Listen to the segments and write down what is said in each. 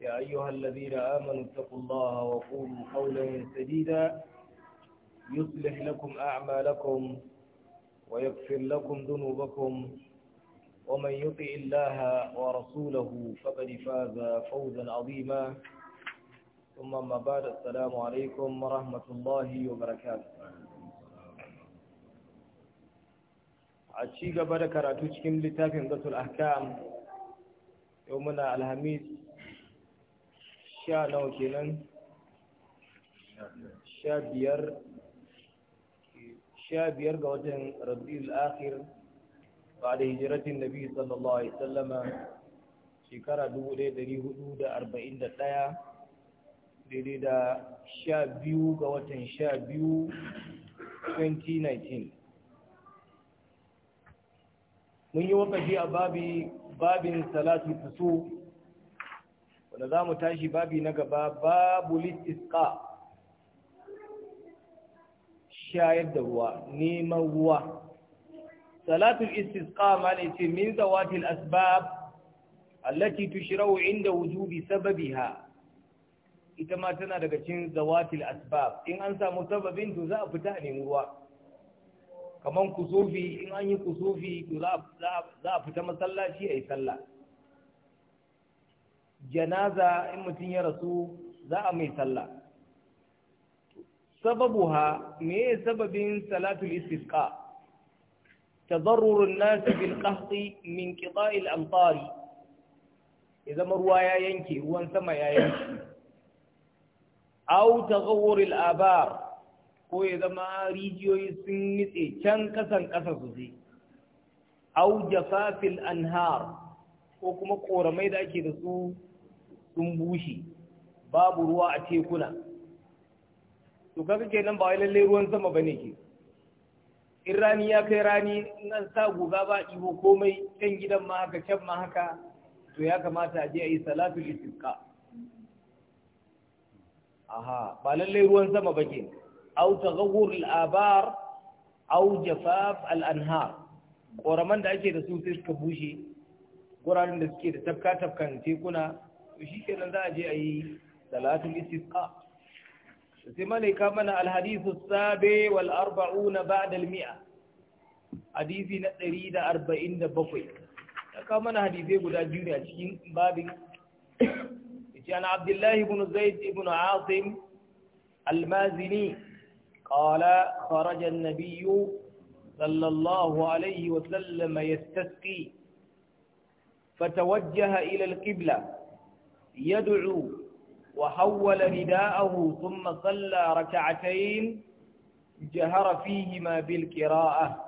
يا أيها الذين آمنوا اتقوا الله وقولوا قولا سديدا يصلح لكم أعمالكم ويغفر لكم ذنوبكم ومن يطع الله ورسوله فقد فاز فوزا عظيما ثم ما بعد السلام عليكم ورحمة الله وبركاته a ci gaba da karatu cikin littafin zatul sha nawa kenan sha biyar sha biyar ga watan rabiul akhir ba da hijiratin nabi sallallahu alaihi sallama shekara 1441 daidai da sha biyu ga watan sha biyu 2019 mun yi wakafi a babin salatu fusu da za mu tashi babi na gaba babu litisqa shayar da ruwa neman ruwa salatul istisqa ma ne ce min zawatil asbab allati tushra'u inda wujubi sababiha ita ma tana daga cikin zawatil asbab in an samu sababin to za a fita a ruwa kaman kusufi in an yi kusufi to za a fita masallaci a yi sallah janaza in mutum ya rasu za a mai sallah sababu ha me sababin salatul istisqa min الناس بالقهط amtar idan ruwa ya yanke ruwan sama ya yanke Au أو al abar ko ya zama rijiyoyi sun nitse can kasan kasa su je au jafafil anhar ko kuma ƙoramai da ake da su sun bushe babu ruwa a tekuna to kaga kenan ba wai lalle ruwan sama bane ke in rani ya kai rani na sa guga ba ko komai can gidan ma haka can ma haka to ya kamata a je a yi salatul istisqa aha ba lalle ruwan sama ba ke au taghawur al-abar au jafaf al-anhar koraman da ake da su sai suka bushe guraren da suke da tafka tafkan tekuna to shi kenan za a je a yi salatul istisqa sai malaika mana alhadithu sabe wal arba'una ba'da al mi'a hadisi na 147 ya kawo mana hadisai guda biyu ne a cikin babin yace ana abdullahi ibn zaid ibn asim al-mazini qala kharaja an-nabiy sallallahu alayhi wa sallam yastasqi فتوجه إلى القبلة يدعو وحول رداءه ثم صلى ركعتين جهر فيهما بالقراءة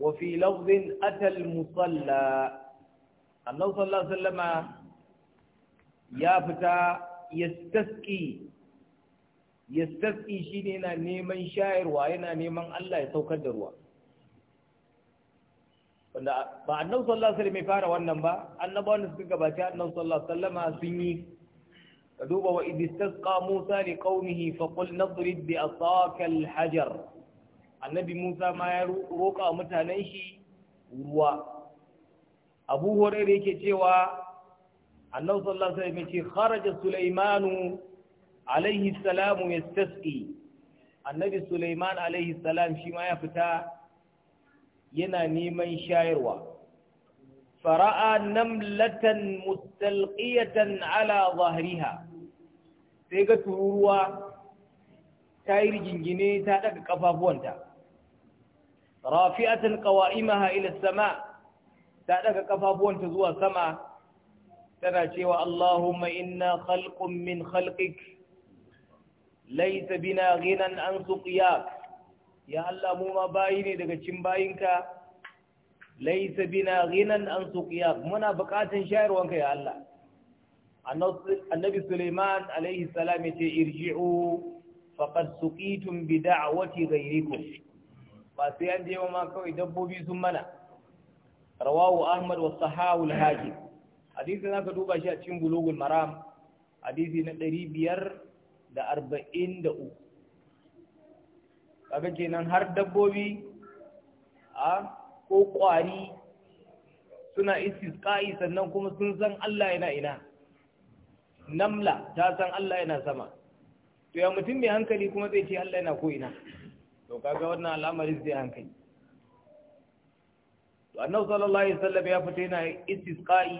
وفي لفظ أتى المصلى النبي صلى الله عليه وسلم يا فتى يستسقي يستسقي شيني نيمان شاعر وأنا نيمان الله يتوكد الدروة wanda ba annabi sallallahu alaihi wasallam fara wannan ba annabawan da suka gabaci annabi sallallahu alaihi wasallama sun yi ka duba wa idistasqa Musa li qaumihi fa qul nadrib bi asaka hajar annabi Musa ma ya roƙa mutanen shi ruwa Abu Hurairah yake cewa annabi sallallahu alaihi wasallam ce kharaja Sulaimanu alaihi salamu yastasqi annabi Sulaiman alaihi salam shi ma ya fita yana neman shayarwa fara'a namlatan mustalqiyatan ala zahriha sai ga tururuwa ta yi rigingine ta daga kafafuwanta rafi'atan qawa'imaha ila sama ta daga kafafuwanta zuwa sama tana cewa Allahumma inna khalqun min khalqik laysa bina ghinan an suqiyak ya Allah mu ma bayi ne daga cin bayinka laisa bina ghinan an suqiya muna buƙatan shayarwanka ya Allah annabi Suleiman alaihi salam ce irji'u faqad suqitum bi da'wati ghayrikum ba sai an je ma kawai dabbobi sun mana rawahu Ahmad wa sahahu al-Hakim hadisi duba shi a cikin bulugul maram hadisi na 543 kaga kenan har dabbobi a ko ƙwari suna istisqa'i sannan kuma sun san Allah yana ina namla ta san Allah yana sama to ya mutum mai hankali kuma zai ce Allah yana ko ina to kaga wannan al'amari zai hankali to annabi sallallahu alaihi wasallam ya fita yana istisqa'i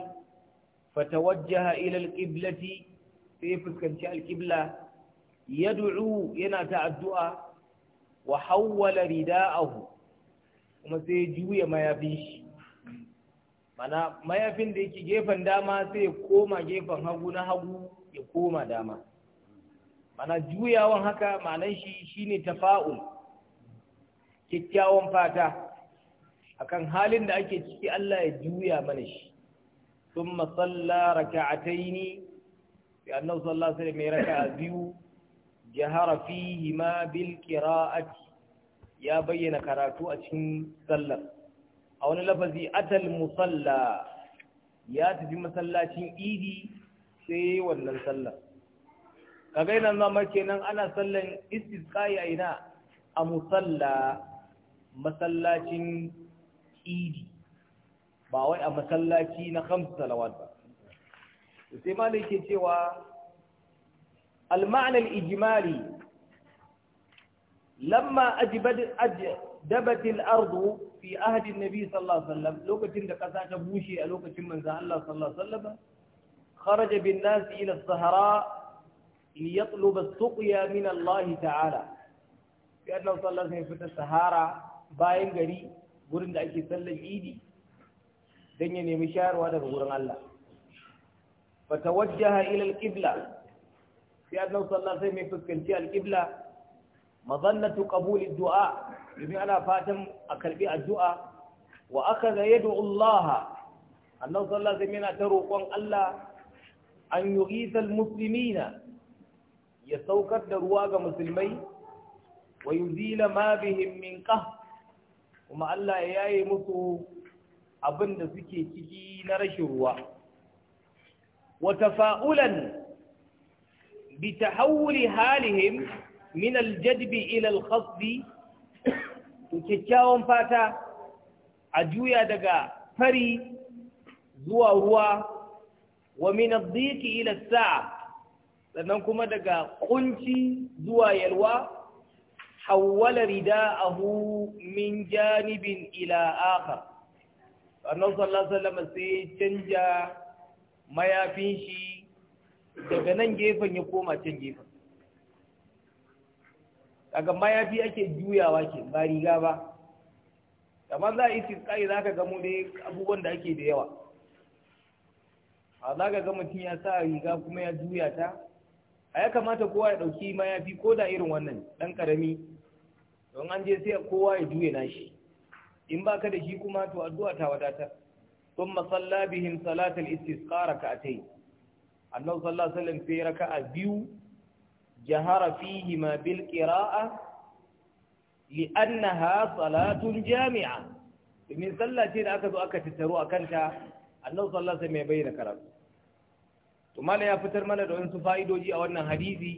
fatawajjaha ila alqiblati sai fuskanci alqibla yad'u yana ta addu'a wa hawwala rida'ahu kuma sai juya mayafin shi mana mayafin da yake gefen dama sai ya koma gefen hagu na hagu ya koma dama mana juyawan haka ma'anar shi shine tafa'ul kyakkyawan fata akan halin da ake ciki Allah ya juya mana shi thumma salla raka'ataini sai annabi sallallahu alaihi wasallam ya raka'a biyu jahara fihima bil qira'ati ya bayyana karatu a cikin sallar a wani lafazi atal musalla ya tafi masallacin idi sai wannan sallar kaga yana zama kenan ana sallan istisqai a ina a musalla masallacin idi ba wai a masallaci na khamsu salawat ba sai malai ke cewa المعنى الإجمالي لما أجبد أجدبت الأرض في عهد النبي صلى الله عليه وسلم لو كتن دقساك بوشي لو كنت من الله صلى الله عليه وسلم خرج بالناس إلى الصحراء ليطلب السقيا من الله تعالى لأنه صلى الله عليه وسلم في الصحراء باين غري gurin da ake sallar idi don ya nemi shayarwa daga gurin Allah. Fata wajjaha ilal بأنه صلى الله عليه وسلم في القبلة مظنة قبول الدعاء بمعنى فاتم أكربي الدعاء وأخذ يدعو الله أنه صلى الله عليه وسلم قال الله أن يغيث المسلمين يسوكت درواغ مسلمين ويزيل ما بهم من قهر وما الله يأي مسو أبن سكي تجي نرش وتفاؤلا bitahawuli halihim min aljadbi ila alkhasbi to kyakkyawan fata a juya daga fari zuwa ruwa wa min adh ila as-sa'a sannan kuma daga kunci zuwa yalwa hawwala rida'ahu min janibin ila akhar annabi sallallahu alaihi wasallam sai canja mayafin shi daga nan gefen ya koma can gefen daga mayafi ake juyawa ke ba riga ba kamar za a yi tiskai za ka gamu abubuwan da ake da yawa a za ka gama mutum ya sa riga kuma ya juya ta a ya kamata kowa ya ɗauki mayafi ko da irin wannan ɗan karami don an je sai kowa ya juya shi in ba ka da shi kuma to addu'a ta wadatar sun masalla bihim salatul istisqara ka annabi sallallahu alaihi wasallam sai raka'a biyu jahara fihi ma bil qira'a Annaha salatun jami'a domin sallah ce da aka zo aka tattaro a kanta annabi sallallahu alaihi wasallam ya bayyana karatu to ya fitar mana da wasu fa'idoji a wannan hadisi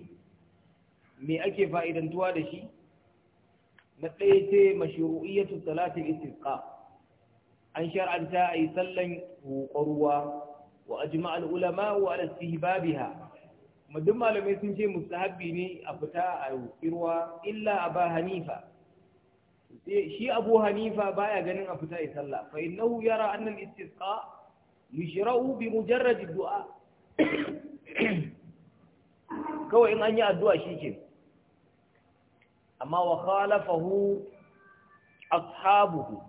me ake fa'idantuwa da shi na ɗaya ce mashiru'iyyatu salatin istisqa an shar'anta ayi sallar sallan ruwa wa ajma al-ulama wa ala istihbabiha kuma duk malamai sun ce mustahabbi ne a fita a kirwa illa aba hanifa shi abu hanifa baya ganin a fita ya sallah fa innahu yara anna istisqa yushra'u bi mujarrad dua kawai in an yi addu'a shike amma wa khalafahu ashabuhu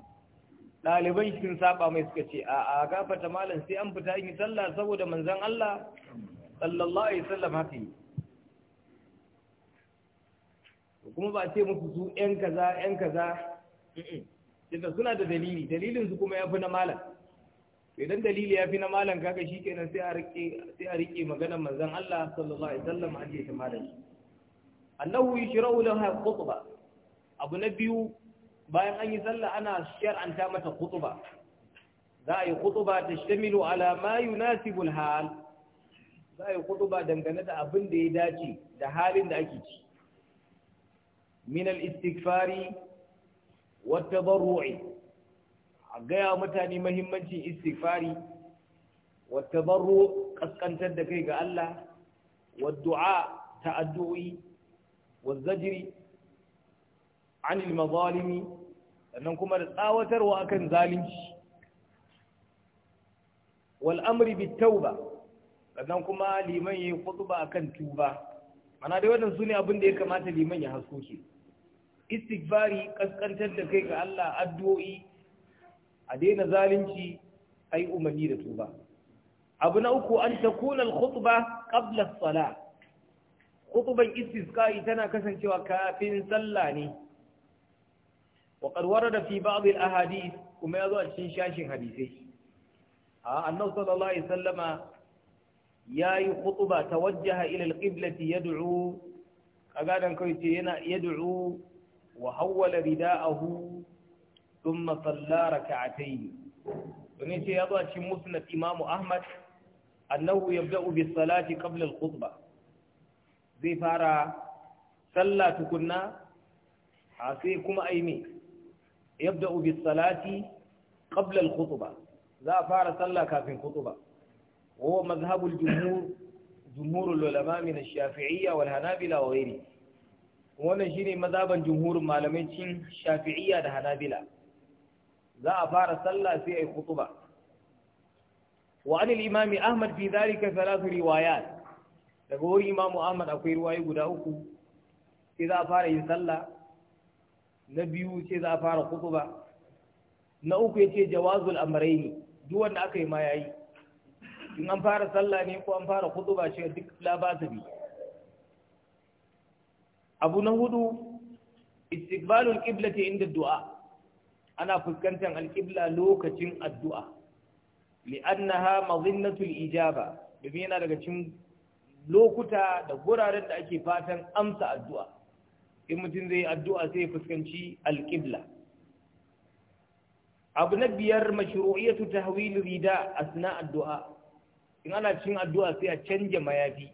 ɗaliban sun saba mai suka ce a a gafata malam sai an fita yi sallah saboda manzan Allah sallallahu alaihi wasallam haka yi kuma ba ce musu su ƴan kaza ƴan kaza tunda suna da dalili dalilin su kuma yafi na malam idan dalili yafi na malam kaga shikenan sai a rike sai a rike maganar manzan Allah sallallahu alaihi wasallam a ce malam annahu yushra'u laha khutba abu na biyu bayan an yi sallah ana shar'anta mata khutba za a yi khutba ta shamilu ala ma yunasibul hal za a yi khutba dangane da abin da ya dace da halin da ake ci min al-istighfari wa tabarru'i a gaya mutane mahimmancin istighfari wa tabarru' kaskantar da kai ga Allah wa du'a ta'addu'i wa zajri عن المظالم sannan kuma da tsawatarwa akan zalunci wal amri bit tauba sannan kuma liman yayi khutba akan tuba mana dai wannan ne abin da ya kamata liman ya hasko ke istighfari kaskantar da kai ga Allah addu'o'i a daina zalunci ai umarni da tuba abu na uku an ta al khutba qabla as-salah khutban tana kasancewa kafin sallah ne وقد ورد في بعض الأحاديث كما يضع الشنشاش حديثي أنه صلى الله عليه وسلم يا خطبة توجه إلى القبلة يدعو أقادا كويتين يدعو وحول رداءه ثم صلى ركعتين ونسي يضع مسند إمام أحمد أنه يبدأ بالصلاة قبل الخطبة زي فارا صلى تكنا آه، حاسي كما yabda'u bis salati qabla al za a fara sallah kafin khutbah wa mazhabu al jumhur jumhur al hanabila wa wannan shine mazaban jumhurin malamai cin shafi'iyya da hanabila za a fara sallah sai ai khutbah wa an al imami ahmad fi dhalika thalath riwayat daga wurin Imam ahmad akwai riwayoyi guda uku sai za a fara yin sallah na biyu ce za a fara kutuba na uku ya ce jawazul ne. duk wanda aka yi ma yayi in an fara sallah ne ko an fara kutuba ce duk labata bi abu na hudu istiqbalul qiblati inda du'a ana fuskantar alqibla lokacin addu'a li'annaha madhinnatul ijaba domin yana daga cikin lokuta da guraren da ake fatan amsa addu'a in mutum zai addu'a sai fuskanci alƙibla abu na biyar mashru'iyatu tahwil rida asna addu'a in ana cin addu'a sai a canja mayafi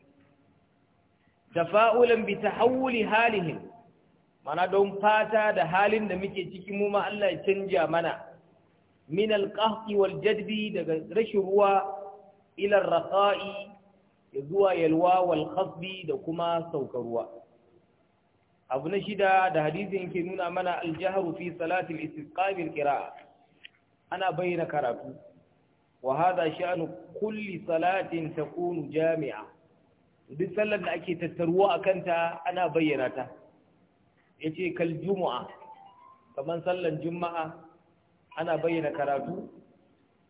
tafa'ulan bi tahawuli halihin, mana don fata da halin da muke ciki mu ma Allah ya canja mana min alqahqi wal jadbi daga rashin ruwa ila raqa'i zuwa yalwa wal khasbi da kuma saukar ruwa abu na shida da hadisin ke nuna mana aljaharu fi salatin istisqa bil ana bayyana karatu wa sha'nu kulli salatin ta kunu jami'a duk sallar da ake tattaruwa a kanta, ana bayyana ta yace kal juma'a. Kamar sallar juma'a ana bayyana karatu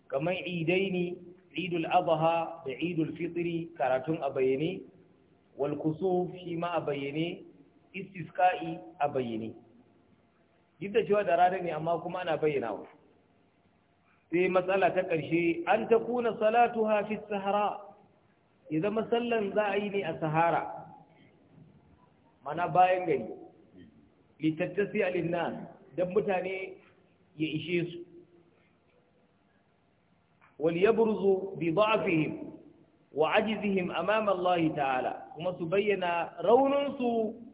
kaman idaini idul Abaha, da idul fitri karatun a bayyane wal shi ma a bayyane istisqa'i a bayyane duk da cewa da rana ne amma kuma ana bayyana wa sai matsala ta ƙarshe an ta kuna salatu hafi sahara idan masallan za a yi ne a sahara mana bayan gari littattasi alinna don mutane ya ishe su wal yabruzu bi da'fihim wa ajizihim amama Allah ta'ala kuma su bayyana rauninsu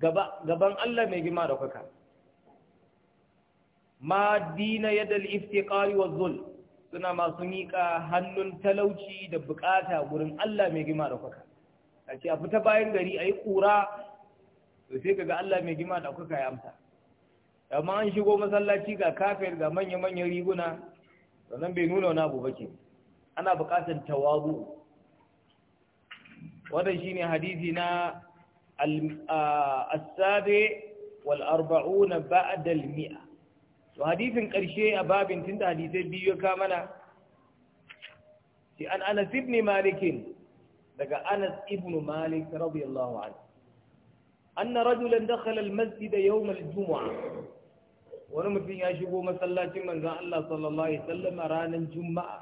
gaban Allah mai gima da kuka ma dina yadal iftiqari wa zul suna masu nika hannun talauci da bukata wurin Allah mai gima da kuka a ce a fita bayan gari a yi ƙura to sai kaga Allah mai gima da kuka ya amsa amma an shigo masallaci ga kafir ga manya-manyan riguna sannan bai nuna wani abu bake ana bukatar tawazu wannan shine hadisi na آه، السابع والأربعون بعد المئة وحديث قرشي أباب انتنت حديثي بيو كامنا عن أنس بن مالك لقى أنس بن مالك رضي الله عنه أن رجلا دخل المسجد يوم الجمعة ونمتين يشبه مسلاة من ذا الله صلى الله عليه وسلم رانا الجمعة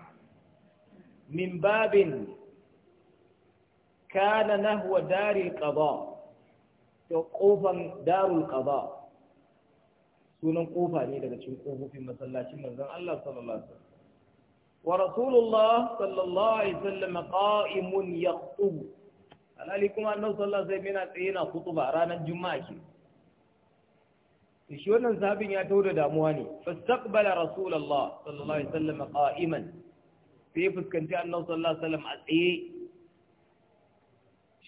من باب كان نهو دار القضاء kofan darul qada sunan kofa ne daga cikin kofofin masallacin manzon Allah sallallahu alaihi wasallam wa rasulullah sallallahu alaihi wasallam qa'imun yaqtub alali kuma annabi sallallahu alaihi wasallam yana tsaye na kutuba ranar juma'a ke shi wannan sahabin ya tauda damuwa ne fastaqbala rasulullah sallallahu alaihi wasallam qa'iman sai fuskanci annabi sallallahu alaihi wasallam a tsaye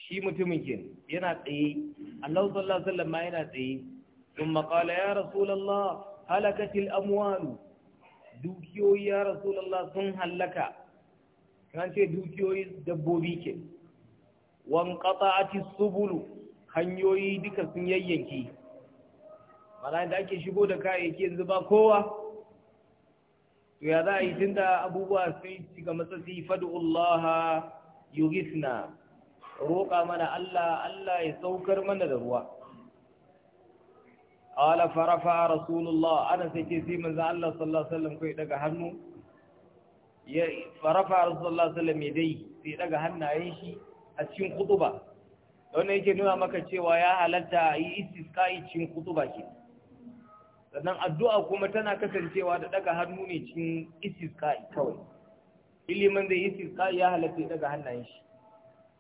shi mutumin ke yana tsaye Allah sallallahu alaihi wasallam yana tsaye Sun qala ya rasulullah halakatil amwalu dukiyoyi ya rasulullah sun halaka kan ce dukiyoyi dabbobi ke wan qata'ati subulu hanyoyi duka sun yayyanki mana da ake shigo da kayayyaki yanzu ba kowa to ya za a yi tunda abubuwa sun shiga matsatsi fad'ullaha yughithna roƙa mana Allah Allah ya saukar mana da ruwa qala farafa rasulullah ana sai ce sai manzo Allah sallallahu alaihi wasallam kai daga hannu ya farafa rasulullah sallallahu alaihi wasallam dai sai daga hannayen shi a cikin kutuba wannan yake nuna maka cewa ya halatta yi istisqa'i cikin kutuba ke sannan addu'a kuma tana kasancewa da daga hannu ne cikin istisqa'i kawai ilimin da istisqa'i ya halatta daga hannayen shi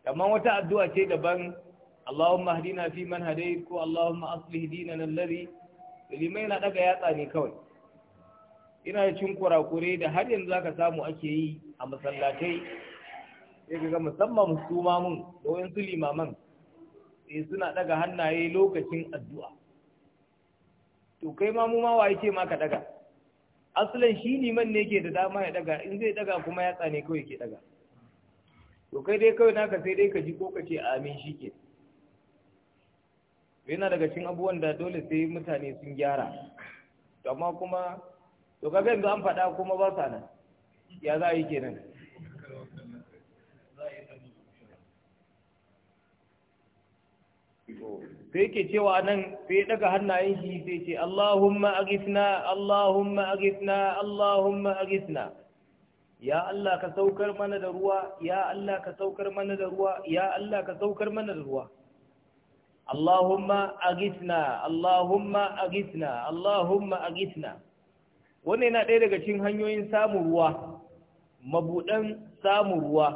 kamar wata addu'a ce daban Allahumma hadina fi man hadayt ko Allahumma aslih dinana alladhi limai na daga yatsa ne kawai ina da cin kurakure da har yanzu zaka samu ake yi a masallatai sai ga musamman su mamun da su limaman sai eh, suna daga hannaye lokacin addu'a to kai ma mu ma waye ce ma ka daga asalin shi liman ne yake da dama ya daga in zai daga kuma yatsa ne kawai ke daga to kai dai kawai naka sai dai ka ji ko ka ce amin shi ke yana daga cikin abubuwan da dole sai mutane sun gyara to amma kuma to ka yanzu an faɗa kuma ba sa nan ya za a yi kenan sai ke cewa nan sai daga hannayen shi sai ce Allahumma agisna Allahumma agisna Allahumma agisna ya Allah ka saukar mana da ruwa ya Allah ka saukar mana da ruwa ya Allah ka saukar mana da ruwa Allahumma agitna Allahumma agitna Allahumma agitna wannan yana ɗaya daga cikin hanyoyin samun ruwa mabudan samun ruwa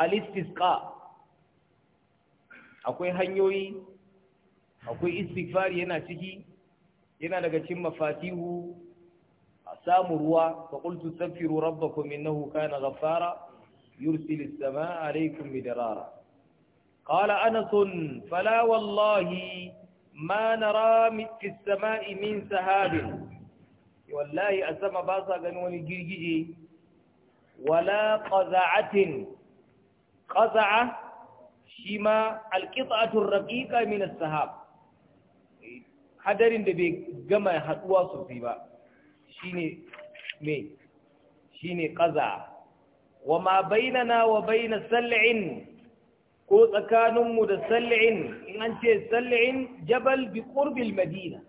al-istisqa akwai hanyoyi akwai istighfar yana ciki yana daga cikin mafatihu أقسام الروا فقلت استغفروا ربكم إنه كان غفارا يرسل السماء عليكم مدرارا قال أنس فلا والله ما نرى في السماء من سهاب والله أسمى باسا قنواني جيجي ولا قزعة قزعة شما القطعة الرقيقة من السهاب حدر دبي جمع حدوى صفيبا shine me shine qaza ma bainana wa baina sal'in ko tsakaninmu da sal'in in an ce sal'in jabal bi qurbil madina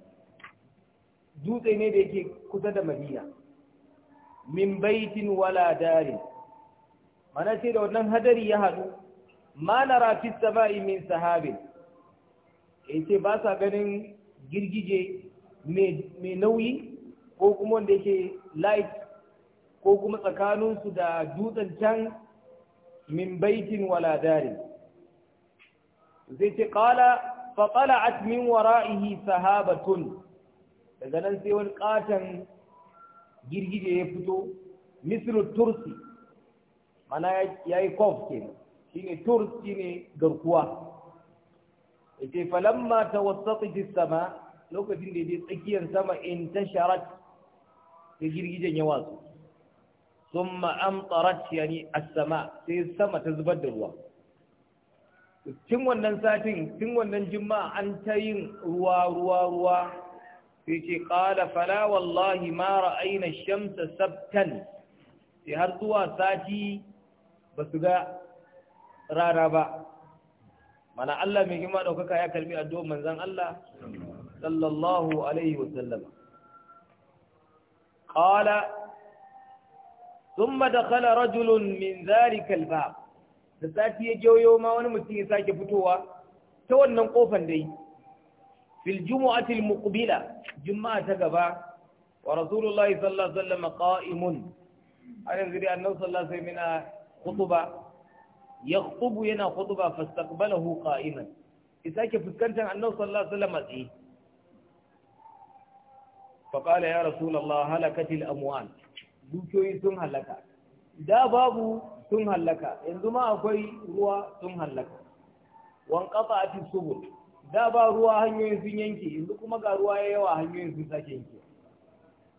dutse ne da yake kusa da madina min baitin wala dari mana ce da wannan hadari ya hadu ma nara fi sama'i min sahabin yace ba sa ganin girgije mai nauyi ko kuma wanda yake light ko kuma tsakaninsu da dutsen can min baitin wala dari zai ce ƙala faƙala min wara'ihi sahabatun daga nan sai wani ƙaton girgije ya fito misru tursi mana ya yi kof ke shi ne Tursi ne garkuwa ita falamma ta wasu sama lokacin da ya je tsakiyar sama in ta sharat sai girgijen ya watsu sun ma'amtarat yani sama sai sama ta zubar da ruwa tun wannan satin tun wannan juma'a an ta yin ruwa ruwa ruwa sai ce qala fala wallahi ma ra'ayna shamsa sabtan sai har zuwa sati ba su ga rana ba mana Allah mai girma daukaka ya karbi addu'ar manzan Allah sallallahu alaihi wasallam قال ثم دخل رجل من ذلك الباب da sati ya jawo ma wani mutum ya sake fitowa ta wannan kofan dai fil jumu'atil muqbila juma'a ta gaba wa rasulullahi sallallahu alaihi wasallam qa'imun an zuri annabi sallallahu alaihi wasallam yana khutba yakhtubu yana khutba fastaqbalahu qa'iman ya sake fuskantar annabi sallallahu tsaye faƙala ya rasulallah halakatil amwal dukiyoyi sun halaka da babu sun halaka yanzu ma akwai ruwa sun halaka wan a fi subul da ba ruwa hanyoyin sun yanke yanzu kuma ga ruwa ya yawa hanyoyin sun sake yanke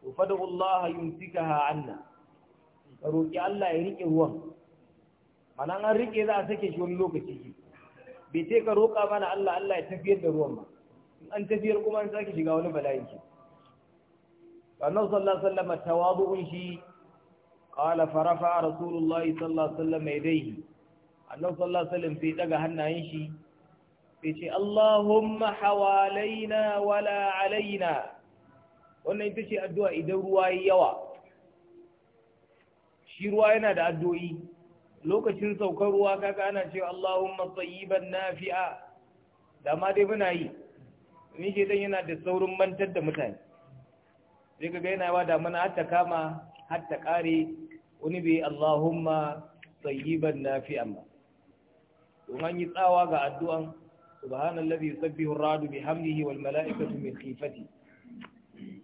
to fadahu Allah yumsikaha anna ka roƙi Allah ya riƙe ruwan anan an riƙe za a sake shi wani lokaci ki bai sai ka roƙa mana Allah Allah ya tafiyar da ruwan ba in an tafiyar kuma an sake shiga wani bala'i ki annabi sallallahu alaihi wasallam shi qala farafa rasulullahi sallallahu alaihi wasallam yadayhi annabi sallallahu alaihi wasallam sai daga hannayen shi sai ce Allahumma hawalaina wala alaina wannan ita ce addu'a idan ruwa yi yawa shi ruwa yana da addu'o'i lokacin saukar ruwa kaka ana cewa Allahumma tsayiban nafi'a da ma dai muna yi ni ce dan yana da saurin mantar da mutane sai ka ga da mana damuna ta kama har ta kare wani bai Allahumma ban nafi'an ba to an yi tsawa ga addu'an subhanallazi yusabbihu ar-ra'du hamdihi wal mala'ikatu mai khifati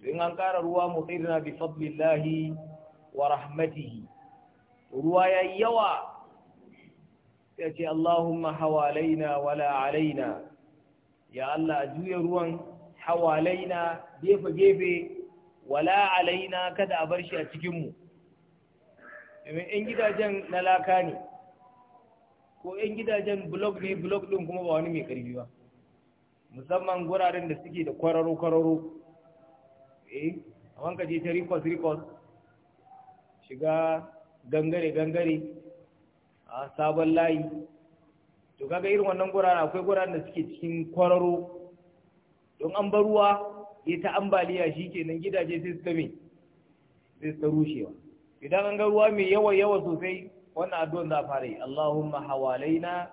in an ƙara ruwa na bi fadlillahi wa rahmatihi ruwa yayi yawa ya ce Allahumma hawalaina wala alaina ya Allah a juya ruwan hawalaina gefe-gefe wala alaina kada a bar shi a cikinmu domin in gidajen na laka ne ko in gidajen blog ne blog din kuma ba wani mai ƙarfi ba musamman guraren da suke da kwararo-kwararo eh a wanka je ta rikos-rikos shiga gangare-gangare a sabon layi to kaga irin wannan guraren akwai guraren da suke cikin kwararo don an baruwa? ruwa ya ta ambaliya shi ke nan. gidaje sai su ta sai su rushewa idan an ga ruwa mai yawa yawa sosai wannan addu'an za a fara yi Allahumma hawalaina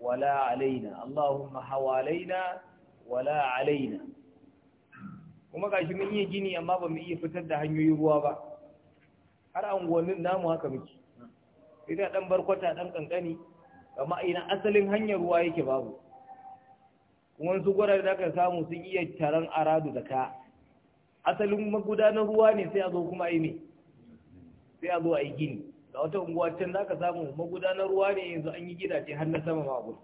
wala alaina Allahumma hawalaina wala alaina kuma gashi mun iya gini amma ba mu iya fitar da hanyoyin ruwa ba har anguwannin namu haka muke sai da dan barkwata dan kankani amma ina asalin hanyar ruwa yake babu kuma su gwarar da aka samu sun iya taron aradu da ka asalin magudanar ruwa ne sai a zo kuma yi sai a zo a yi gini da wata unguwa can za ka samu magudanar ruwa ne yanzu an yi gidaje har na sama magun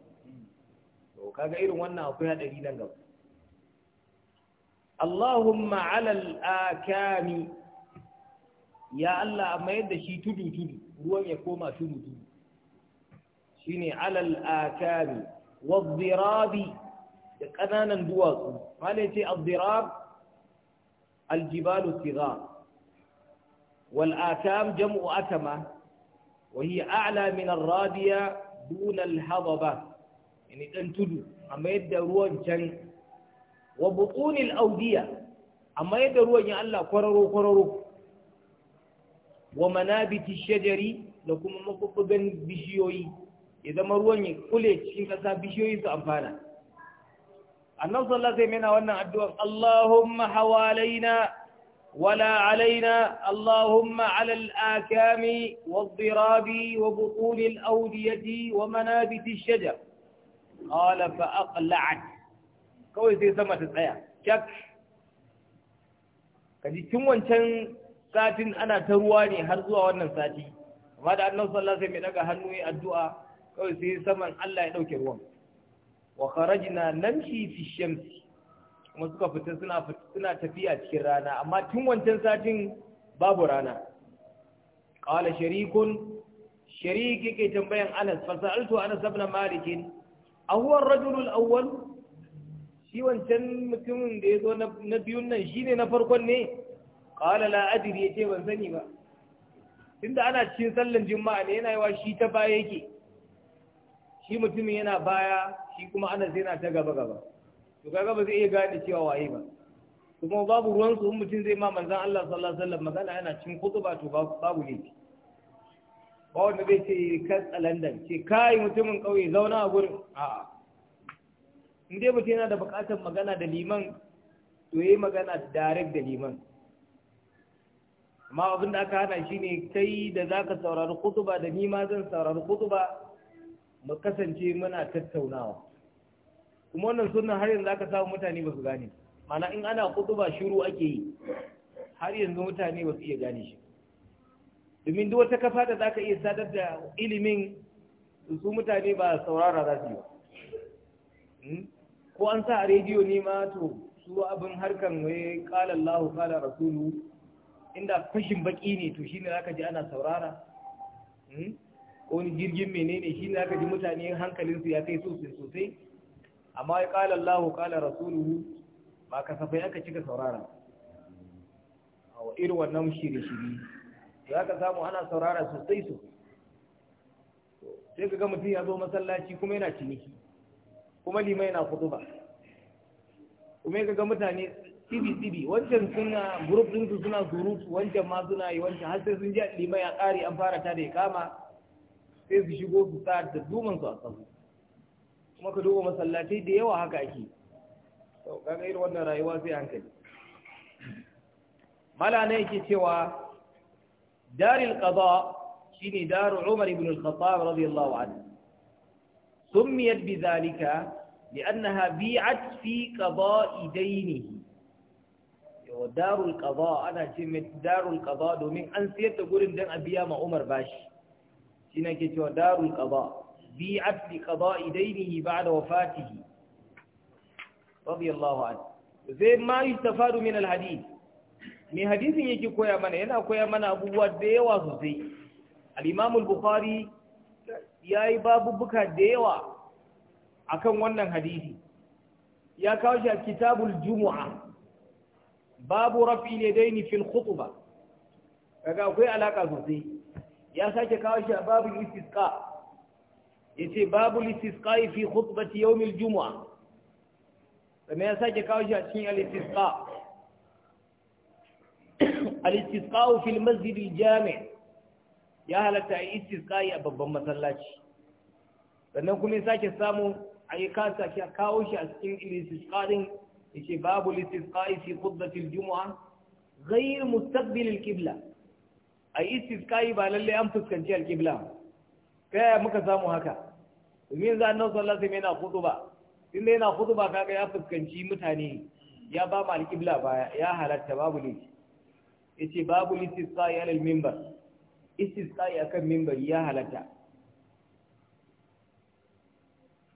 to kaga irin wannan akwai haɗari nan gaba Allahumma alal akami ya Allah mayar da shi tudu tudu ruwan ya koma tudu tudu shine alal akami wa zirabi da ƙananan duwatsu malai ce al-dirab al-jibalu wal jam'u atama wa hiya a'la min ar-radiya dun al-hadaba yani dan tudu amma yadda ruwan can wa butun al-awdiya amma yadda ruwan ya Allah kwararo kwararo wa manabiti shajari da kuma mafuffugan bishiyoyi ya zama ruwan ya kule cikin ƙasa bishiyoyi su amfana annan sallah zai mena wannan addu'an Allahumma hawalaina wala alaina Allahumma alal akami wa zirabi wa butunil audiyati wa manabiti shajar qala fa aqla'at kawai sai sama ta tsaya cak kaji tun wancan satin ana ta ruwa ne har zuwa wannan sati amma da annabi sallallahu mai daga hannu ya addu'a kawai sai saman Allah ya ɗauke ruwan wa kharajna namshi fi shamsi kuma suka fita suna suna tafiya cikin rana amma tun wancan satin babu rana qala sharikun sharik ke tambayan Anas fa sa'altu Anas ibn Malik a ar-rajul al-awwal shi wancan mutumin da yazo na biyun nan shine na farkon ne qala la adri yace ban sani ba tunda ana cikin sallan juma'a ne yana yawa shi ta baya yake shi mutumin yana baya shi kuma ana yana ta gaba gaba to kaga ba zai iya gane cewa waye ba kuma babu ruwan su mutum zai ma manzon Allah sallallahu alaihi wasallam magana yana cin kutuba to babu ne ba wanda zai ce kan tsalandan ce kai mutumin kauye zauna a gurin a'a in dai mutum yana da buƙatar magana da liman to yayi magana direct da liman amma abin da aka hana shine kai da zaka saurari kutuba da ni ma zan saurari kutuba mu kasance muna tattaunawa kuma wannan sunan har yanzu aka samu mutane ba su gane mana in ana kutuba shiru ake yi har yanzu mutane ba su iya gane shi domin duk wata kafa da zaka iya sadar da ilimin su mutane ba saurara za su yi hmm? ko an sa a rediyo ne ma to su abin harkan wai kala Allahu kala rasulu inda fashin baki ne to shine zaka ji ana saurara hmm? ko wani jirgin menene shi ne aka ji mutane hankalinsu ya kai sosai sosai amma ya kala Allah kala rasuluhu ba kasafai aka cika saurara a irin wannan shirye-shirye za ka samu ana saurara sosai sosai sai ka ga mutum ya zo masallaci kuma yana ciniki kuma lima yana ba kuma ya ga mutane tibi-tibi wancan suna gurufinsu suna surutu wancan ma suna yi wancan har sai sun ji lima ya ƙari an fara ta da ya kama sai su shigo su sa da a kuma ka duba masallatai da yawa haka ake sau kaga irin wannan rayuwa sai hankali yake cewa daril qada shine daru umar ibn al-khattab radiyallahu anhu summiyat bidhalika li'annaha bi'at fi qada'i daynihi darul qada ana ce mai darul qada domin an siyar da gurin dan a biya ma umar bashi shi na ke cewa darul qada bi asli qada'i dainihi ba'da wafatihi radiyallahu anhu zai ma min alhadith me hadisin yake koya mana yana koya mana abubuwa da yawa sosai Alimamul imam ya yi yayi babubuka da yawa akan wannan hadisi ya kawo shi a kitabul jumu'a babu rafi ne ni fil khutba kaga akwai alaka sosai ya sake kawo shi a babu istisqa yace babu istisqa fi khutbati yawm al-jum'a kuma ya sake kawo shi a cikin al-istisqa al-istisqa fi al-masjid al-jami' ya halatta a istisqa a babban masallaci sannan kuma ya sake samu a yi kasa kawo shi a cikin al-istisqa din yace babu istisqa fi khutbati al-jum'a mustaqbil al-qibla a tiskayi ba lalle an fuskanci alƙibla ta yaya muka samu haka domin za a nan alaihi sai yana tun inda yana ba kaga ya fuskanci mutane ya ba ma alƙibla ba ya halatta babu ne ce babu istisqai alal minbar a kan mimbar ya halatta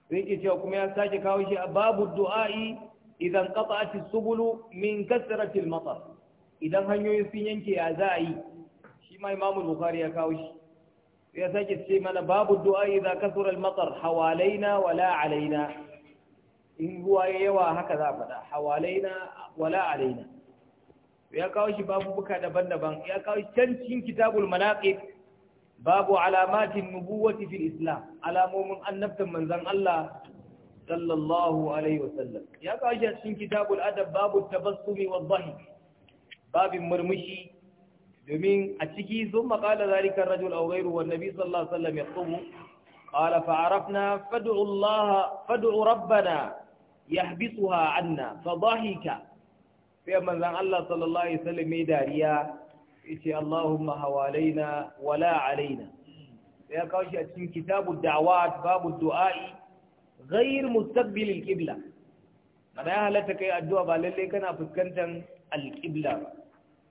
sai ke cewa kuma ya sake kawo shi a babu du'a'i idan kafa qata'at subulu min kasarar matar idan hanyoyin sun yanke ya za a yi shi ma imamul bukhari ya kawo shi ya sake ce mana babu du'a idza kasura al-matar hawalaina wala alaina in ruwa ya yawa haka za faɗa hawalaina wala alaina ya kawo shi babu buka daban-daban ya kawo shi can cikin kitabul manaqib babu alamatin nubuwati fil islam alamomin annabtan manzon Allah sallallahu alaihi wasallam ya kawo shi cikin kitabul adab babu tabassumi wadh-dhahik babin murmushi domin a ciki sun maƙala zalikan rajul a gairu wa nabi sallallahu alaihi wasallam ya tsubu qala fa arafna fad'u Allah fad'u rabbana yahbisuha anna fa dhahika sai manzon Allah sallallahu alaihi wasallam ya dariya yace Allahumma hawalaina wala alaina ya kawo shi a cikin kitabu da'awat babu du'a'i ghair mustaqbil al-qibla mana ya halatta kai addu'a ba lalle kana fuskantar al-qibla ba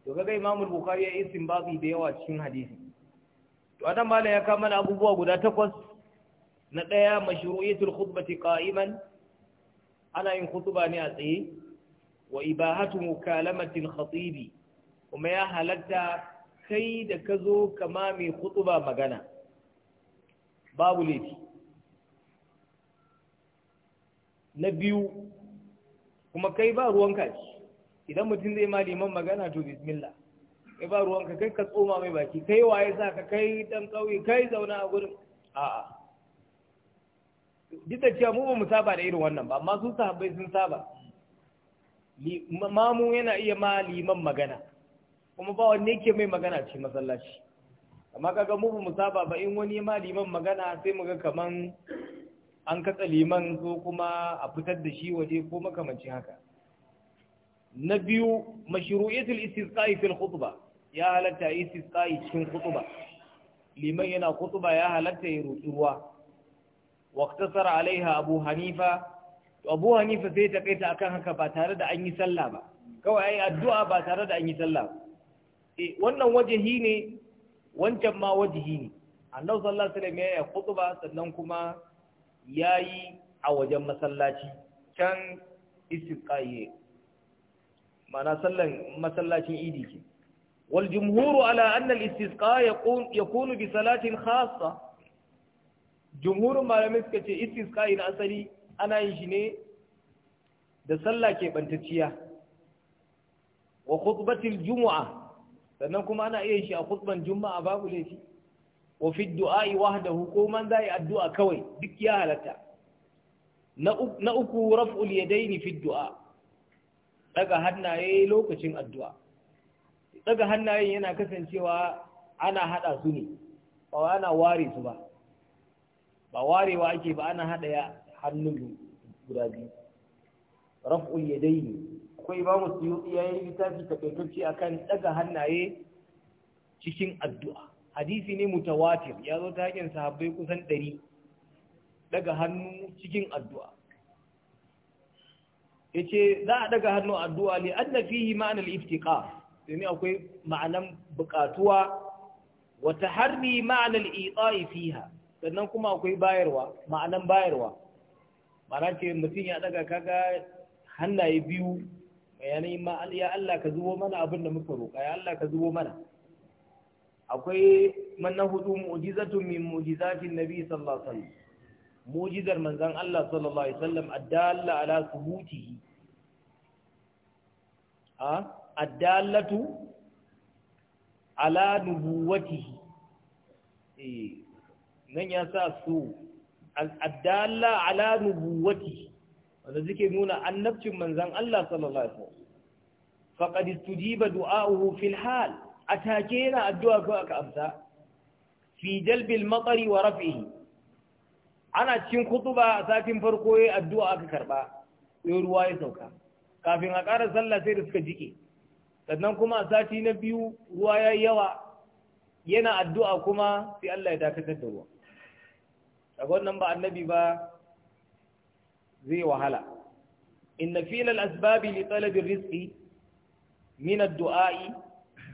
to kaga imamu Bukhari ya babu da yawa cikin hadisi to adam mala ya kama abubuwa guda takwas na daya mashru'iyatul khutbati qa'iman ana yin khutba ne a tsaye wa ibahatu mukalamatil khatibi kuma ya halatta kai da kazo kama mai khutba magana babu laifi na biyu kuma kai ba ruwan ce idan mutum zai ma liman magana to bismillah kai ba ruwanka kai ka tsoma mai baki kai waye sa ka kai dan kauye kai zauna a gurin a'a duk da cewa mu ba mu saba da irin wannan ba amma su sahabbai sun saba mamu yana iya ma liman magana kuma ba wanne yake mai magana ce masallaci amma kaga mu ba mu saba ba in wani ma liman magana sai mu ga kaman an katsa liman ko kuma a fitar da shi waje ko makamancin haka na biyu mashru'iyatul istisqa'i fil khutba ya halatta istisqa'i cikin khutba liman yana khutba ya halatta ya roki ruwa waqtasara alaiha abu hanifa to abu hanifa sai ta kaita akan haka ba tare da an yi sallah ba kawai ai addu'a ba tare da an yi sallah ba eh wannan wajahi ne wancan ma wajahi ne annabi sallallahu alaihi wasallam ya khutba sannan kuma yayi a wajen masallaci can istisqa'i ma'ana sallan masallacin idi ce wal jumhuru ala anna al-istisqa yakunu bi salatin khassa jumhurin malamai suka ce istisqa in asali ana yin shi ne da sallah ke bantacciya wa khutbatil jumu'a sannan kuma ana iya shi a khutban juma'a babu laifi wa fi du'a'i wahdahu ko man zai addu'a kawai duk ya halatta na uku raf'ul yadaini fi du'a daga hannaye lokacin addu'a daga hannayen yana kasancewa ana hada su ne ba ana ware su ba ba warewa ake ba ana hada ya hannun guda biyu raf'ul yadayni akwai imamu suyuti yayi littafi takaitacce akan daga hannaye cikin addu'a hadisi ne mutawatir ya zo ta haƙin sahabbai kusan ɗari daga hannu cikin addu'a yace za a daga hannu addu'a li anna fihi ma'ana al-iftiqar domin akwai ma'anan buƙatuwa wa taharri ma'ana al-ita'i fiha sannan kuma akwai bayarwa ma'anan bayarwa ma'ana ce mutum ya daga kaga hannaye biyu bayanai ma ya Allah ka zubo mana abin da muka roƙa ya Allah ka zubo mana akwai manna hudu mu'jizatun min mu'jizatin nabi sallallahu alaihi wasallam mu'jizar manzon Allah sallallahu alaihi wasallam addalla ala subutihi addalatu ala nubuwatihi eh, nan ya sa su addalla ala nubuwatihi wanda suke nuna annabcin manzan Allah sallallahu alaihi wasallam faqad istujiba du'a'uhu fil hal atake yana addu'a ko aka amsa fi jalbil matari wa raf'ihi ana cikin kutuba a satin farko yayin addu'a aka karɓa. sai ruwa ya sauka kafin a ƙara sallah sai da suka jike sannan kuma a sati na biyu ruwa ya yawa yana addu'a kuma sai Allah ya dakatar da ruwa Daga wannan ba annabi ba zai wahala inna filal asbabi li talabin rizqi min duai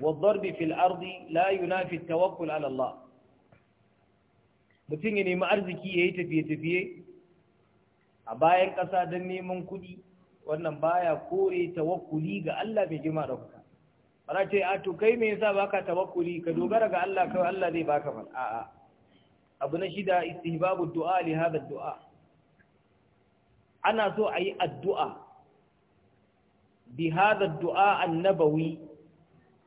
wadh fil ardi la yunafi tawakkul 'ala Allah mutum ya nemi arziki ya yi tafiye-tafiye a bayan ƙasa don neman kuɗi wannan baya kore tawakkuli ga Allah mai jima da kuka ana ce a to kai me yasa baka tawakkuli ka dogara ga Allah kawai Allah zai baka fa a'a abu na shida istihbabu du'a li hada du'a ana so a yi addu'a bi hada du'a annabawi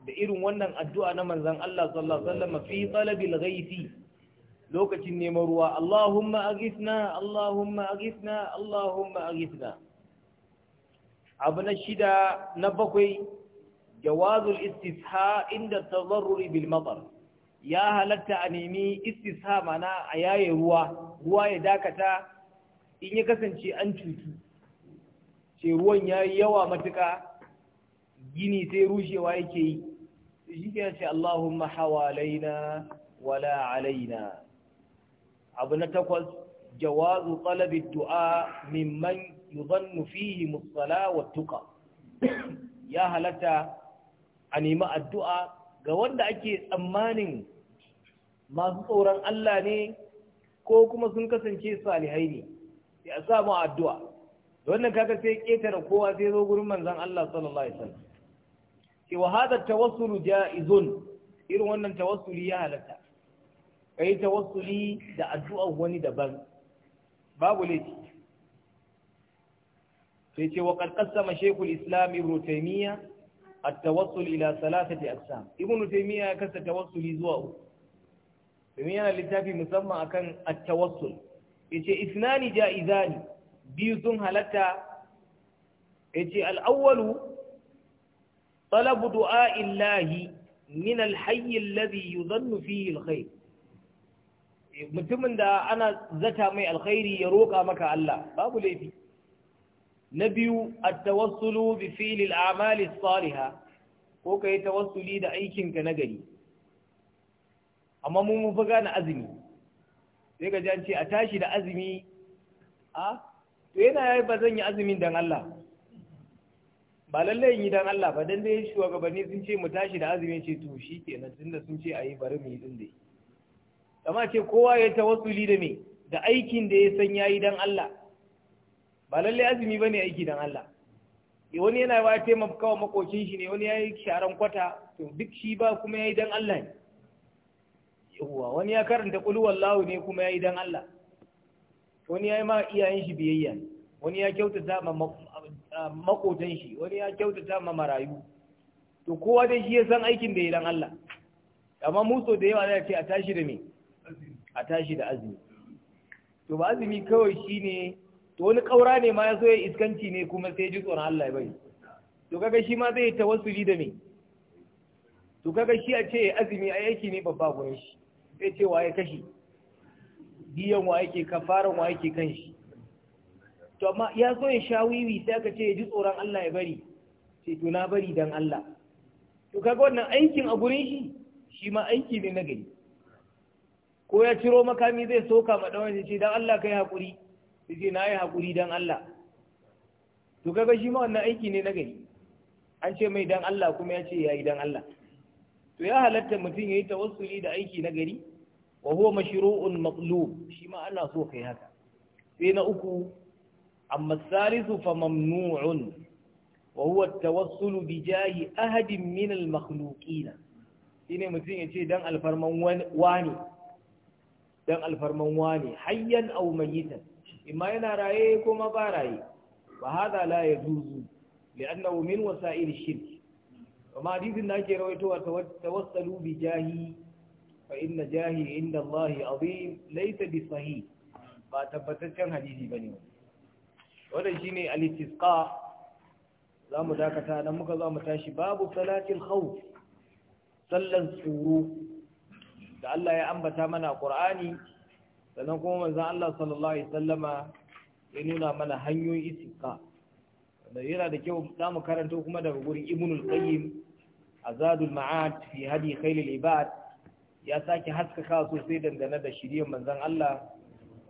da irin wannan addu'a na manzan Allah sallallahu alaihi wasallam fi talabil ghaithi lokacin neman ruwa Allahumma aghithna Allahumma aghithna Allahumma aghithna abu na shida na bakwai jawazul istisha inda tazarruri bil matar ya halatta a nemi istisha mana a yaye ruwa ruwa ya dakata in ya kasance an cutu ce ruwan ya yi yawa matuka gini sai rushewa yake yi shi ke ce Allahumma hawalaina wala alaina abu na takwas jawazu talabi du'a mimman yuzannu fihi musala wa tuqa ya halatta a nemi addu'a ga wanda ake tsammanin masu tsoron Allah ne ko kuma sun kasance salihai ne ya sa samu addu'a wannan kaka sai ƙetare kowa sai zo gurin manzon Allah sallallahu alaihi wasallam ke wa hada tawassulu jaizun irin wannan tawassuli ya halatta kai tawassuli da addu'ar wani daban babu laifi sai ce wa qaddasama shaykhul islam ibn taymiya at-tawassul ila salasati aqsam ibn taymiya ya kasa tawassuli zuwa uku domin yana littafi musamman akan at-tawassul yace isnani jaizani biyu sun halatta yace al-awwalu talabu du'a illahi min al-hayy alladhi yudhannu fihi al-khayr mutumin da ana zata mai alkhairi ya roƙa maka Allah babu laifi na biyu a tawassulu bi fi'lil amalis Saliha, ko ka yi tawassuli da aikinka na gari amma mun mufi gane azumi sai ka jance a tashi da azumi a to yana yayi ba zan yi azumin dan Allah ba lallai yi dan Allah ba dan dai shugabanni sun ce mu tashi da azumi ce to shi kenan tunda sun ce ayi bari mu yi din dai amma ce kowa ya tawassuli da me da aikin da ya san yayi dan Allah ba lalle azumi bane aiki dan Allah eh, wani yana ba taimaka wa makocin shi ne wani yayi sharan kwata to duk shi ba kuma yayi dan Allah ne yawa wani ya karanta qul wallahu ne kuma yayi dan Allah wani yayi ma iyayen shi biyayya wani ya kyautata ma makotan shi wani ya kyautata ma marayu to kowa dai shi ya san aikin da yayi dan Allah amma muso da yawa zai ce a tashi da me a tashi da azumi to ba azumi kawai shine to wani kaura ne ma ya so ya iskanci ne kuma sai ji tsoron Allah ya bari to kaga shi ma zai tawassuli da me to kaga shi a ce azumi a yake ne babba gurin shi sai ce waye kashi biyan wa yake kafaran wa yake kan shi to amma ya so ya sha wiwi sai aka ce ya ji tsoron Allah ya bari sai to na bari dan Allah to kaga wannan aikin a gurin shi shi ma aiki ne na gari ko ya ciro makami zai soka ma dan wani ce dan Allah kai hakuri sai ce na yi haƙuri don Allah to kaga shi ma wannan aiki ne na gari an ce mai don Allah kuma ya ce ya yi don Allah to ya halatta mutum ya yi tawassuli da aiki na gari wa huwa mashru'un maqlub shi ma ana so kai haka sai na uku amma salisu fa mamnu'un wa huwa tawassulu bi jahi ahadin min al makhluqina shine mutum ya ce dan alfarman wani dan alfarman wani hayyan aw imma yana raye ko ma ba raye ba hada la ya zuzu li'annahu min wasa'il shirk Kama hadisin da ake rawaitowa tawassalu bi jahi fa inna jahi inda Allah azim laysa bi sahih ba tabbataccen hadisi bane wannan shine al-istisqa zamu dakata nan muka zamu tashi babu salatil khawf sallan tsoro da Allah ya ambata mana Qur'ani sannan kuma manzan Allah sallallahu Alaihi sallama ya nuna mana hanyoyin isika wanda yana da kyau za mu karanta kuma daga gurin ibnul qayyim azadul ma'ad fi hadi khailil ibad ya sake haskaka sosai dangane da shiriyar manzan Allah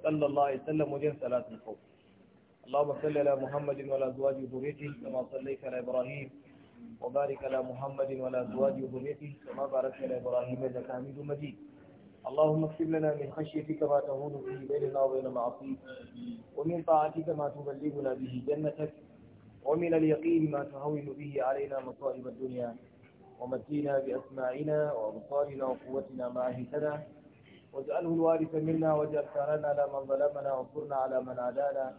sallallahu Alaihi sallam wajen salatul fawq اللهم صل على محمد وعلى ازواجه وذريته كما صليت على ابراهيم وبارك على محمد وعلى ازواجه وذريته كما باركت على ابراهيم انك حميد مجيد اللهم اكتب لنا من خشيتك ما تهون به بيننا وبين معصيك ومن طاعتك ما تبلغنا به جنتك ومن اليقين ما تهون به علينا مصائب الدنيا ومتينا بأسماعنا وأبصارنا وقوتنا ما أهتنا واجعله الوارث منا واجعل ثارنا على من ظلمنا وانصرنا على من عادانا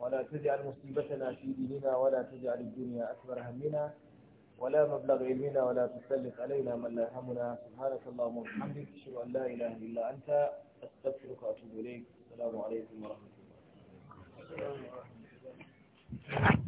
ولا تجعل مصيبتنا في ديننا ولا تجعل الدنيا أكبر همنا ولا مبلغ علمنا ولا تسلط علينا من لا يهمنا سبحانك اللهم وبحمدك اشهد ان لا اله الا انت استغفرك واتوب اليك السلام عليكم ورحمه الله